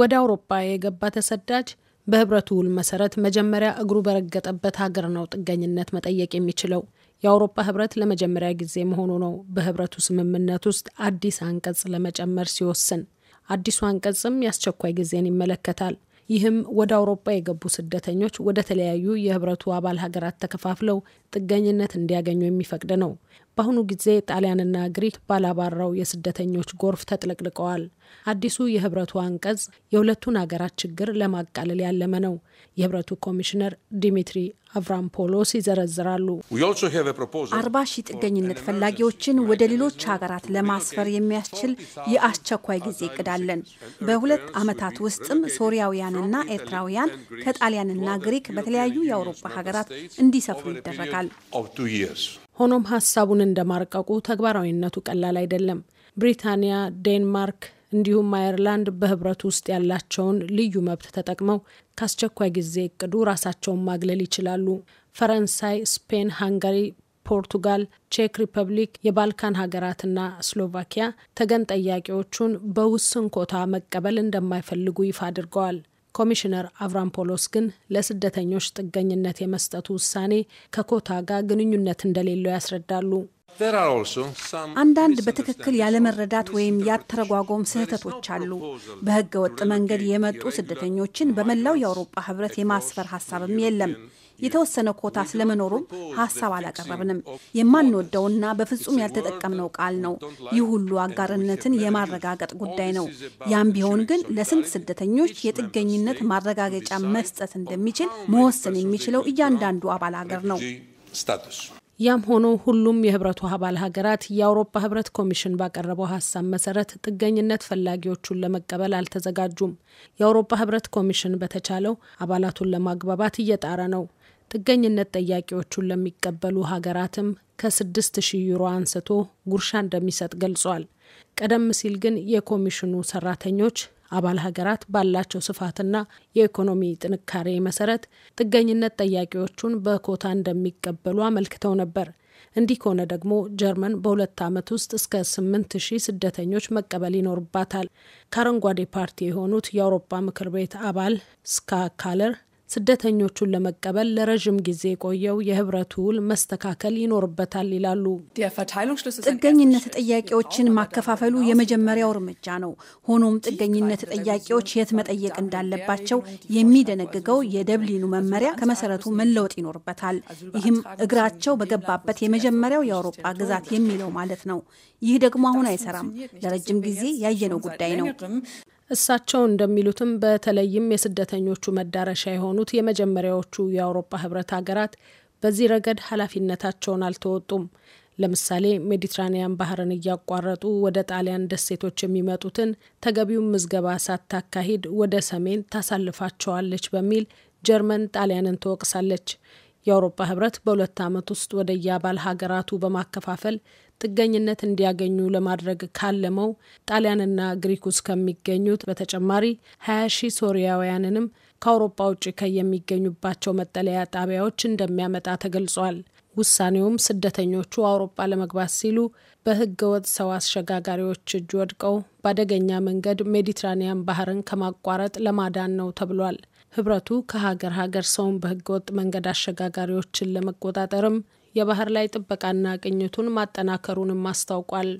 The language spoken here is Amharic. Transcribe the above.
ወደ አውሮፓ የገባ ተሰዳጅ በህብረቱ ውል መሰረት መጀመሪያ እግሩ በረገጠበት ሀገር ነው ጥገኝነት መጠየቅ የሚችለው። የአውሮፓ ህብረት ለመጀመሪያ ጊዜ መሆኑ ነው በህብረቱ ስምምነት ውስጥ አዲስ አንቀጽ ለመጨመር ሲወስን። አዲሱ አንቀጽም የአስቸኳይ ጊዜን ይመለከታል። ይህም ወደ አውሮፓ የገቡ ስደተኞች ወደ ተለያዩ የህብረቱ አባል ሀገራት ተከፋፍለው ጥገኝነት እንዲያገኙ የሚፈቅድ ነው። በአሁኑ ጊዜ ጣሊያንና ግሪክ ባላባራው የስደተኞች ጎርፍ ተጥለቅልቀዋል። አዲሱ የህብረቱ አንቀጽ የሁለቱን አገራት ችግር ለማቃለል ያለመ ነው። የህብረቱ ኮሚሽነር ዲሚትሪ አቭራምፖሎስ ይዘረዝራሉ። አርባ ሺህ ጥገኝነት ፈላጊዎችን ወደ ሌሎች ሀገራት ለማስፈር የሚያስችል የአስቸኳይ ጊዜ እቅዳለን። በሁለት ዓመታት ውስጥም ሶሪያውያንና ኤርትራውያን ከጣሊያንና ግሪክ በተለያዩ የአውሮፓ ሀገራት እንዲሰፍሩ ይደረጋል። ሆኖም ሀሳቡን እንደማርቀቁ ተግባራዊነቱ ቀላል አይደለም። ብሪታንያ፣ ዴንማርክ እንዲሁም አየርላንድ በህብረት ውስጥ ያላቸውን ልዩ መብት ተጠቅመው ከአስቸኳይ ጊዜ እቅዱ ራሳቸውን ማግለል ይችላሉ። ፈረንሳይ፣ ስፔን፣ ሃንጋሪ፣ ፖርቱጋል፣ ቼክ ሪፐብሊክ፣ የባልካን ሀገራትና ስሎቫኪያ ተገን ጠያቂዎቹን በውስን ኮታ መቀበል እንደማይፈልጉ ይፋ አድርገዋል። ኮሚሽነር አቭራምፖሎስ ግን ለስደተኞች ጥገኝነት የመስጠቱ ውሳኔ ከኮታ ጋር ግንኙነት እንደሌለው ያስረዳሉ። አንዳንድ በትክክል ያለመረዳት ወይም ያተረጓጎም ስህተቶች አሉ። በህገ ወጥ መንገድ የመጡ ስደተኞችን በመላው የአውሮፓ ህብረት የማስፈር ሀሳብም የለም። የተወሰነ ኮታ ስለመኖሩም ሀሳብ አላቀረብንም። የማንወደውና በፍጹም ያልተጠቀምነው ቃል ነው። ይህ ሁሉ አጋርነትን የማረጋገጥ ጉዳይ ነው። ያም ቢሆን ግን ለስንት ስደተኞች የጥገኝነት ማረጋገጫ መስጠት እንደሚችል መወሰን የሚችለው እያንዳንዱ አባል ሀገር ነው። ያም ሆኖ ሁሉም የህብረቱ አባል ሀገራት የአውሮፓ ህብረት ኮሚሽን ባቀረበው ሀሳብ መሰረት ጥገኝነት ፈላጊዎቹን ለመቀበል አልተዘጋጁም። የአውሮፓ ህብረት ኮሚሽን በተቻለው አባላቱን ለማግባባት እየጣረ ነው። ጥገኝነት ጠያቂዎቹን ለሚቀበሉ ሀገራትም ከስድስት ሺህ ዩሮ አንስቶ ጉርሻ እንደሚሰጥ ገልጿል። ቀደም ሲል ግን የኮሚሽኑ ሰራተኞች አባል ሀገራት ባላቸው ስፋትና የኢኮኖሚ ጥንካሬ መሰረት ጥገኝነት ጠያቂዎቹን በኮታ እንደሚቀበሉ አመልክተው ነበር። እንዲህ ከሆነ ደግሞ ጀርመን በሁለት ዓመት ውስጥ እስከ 8 ሺህ ስደተኞች መቀበል ይኖርባታል። ከአረንጓዴ ፓርቲ የሆኑት የአውሮፓ ምክር ቤት አባል ስካ ካለር ስደተኞቹን ለመቀበል ለረዥም ጊዜ የቆየው የህብረቱ ውል መስተካከል ይኖርበታል ይላሉ። ጥገኝነት ጥያቄዎችን ማከፋፈሉ የመጀመሪያው እርምጃ ነው። ሆኖም ጥገኝነት ጥያቄዎች የት መጠየቅ እንዳለባቸው የሚደነግገው የደብሊኑ መመሪያ ከመሰረቱ መለወጥ ይኖርበታል። ይህም እግራቸው በገባበት የመጀመሪያው የአውሮጳ ግዛት የሚለው ማለት ነው። ይህ ደግሞ አሁን አይሰራም። ለረጅም ጊዜ ያየነው ጉዳይ ነው። እሳቸው እንደሚሉትም በተለይም የስደተኞቹ መዳረሻ የሆኑት የመጀመሪያዎቹ የአውሮፓ ህብረት ሀገራት በዚህ ረገድ ኃላፊነታቸውን አልተወጡም። ለምሳሌ ሜዲትራኒያን ባህርን እያቋረጡ ወደ ጣሊያን ደሴቶች የሚመጡትን ተገቢውን ምዝገባ ሳታካሂድ ወደ ሰሜን ታሳልፋቸዋለች በሚል ጀርመን ጣሊያንን ትወቅሳለች። የአውሮፓ ህብረት በሁለት ዓመት ውስጥ ወደ የአባል ሀገራቱ በማከፋፈል ጥገኝነት እንዲያገኙ ለማድረግ ካለመው ጣሊያንና ግሪክ ውስጥ ከሚገኙት በተጨማሪ 20 ሺህ ሶሪያውያንንም ከአውሮፓ ውጭ ከየሚገኙባቸው መጠለያ ጣቢያዎች እንደሚያመጣ ተገልጿል። ውሳኔውም ስደተኞቹ አውሮፓ ለመግባት ሲሉ በህገ ወጥ ሰው አሸጋጋሪዎች እጅ ወድቀው በአደገኛ መንገድ ሜዲትራኒያን ባህርን ከማቋረጥ ለማዳን ነው ተብሏል። ህብረቱ ከሀገር ሀገር ሰውን በህገ ወጥ መንገድ አሸጋጋሪዎችን ለመቆጣጠርም የባህር ላይ ጥበቃና ቅኝቱን ማጠናከሩንም አስታውቋል።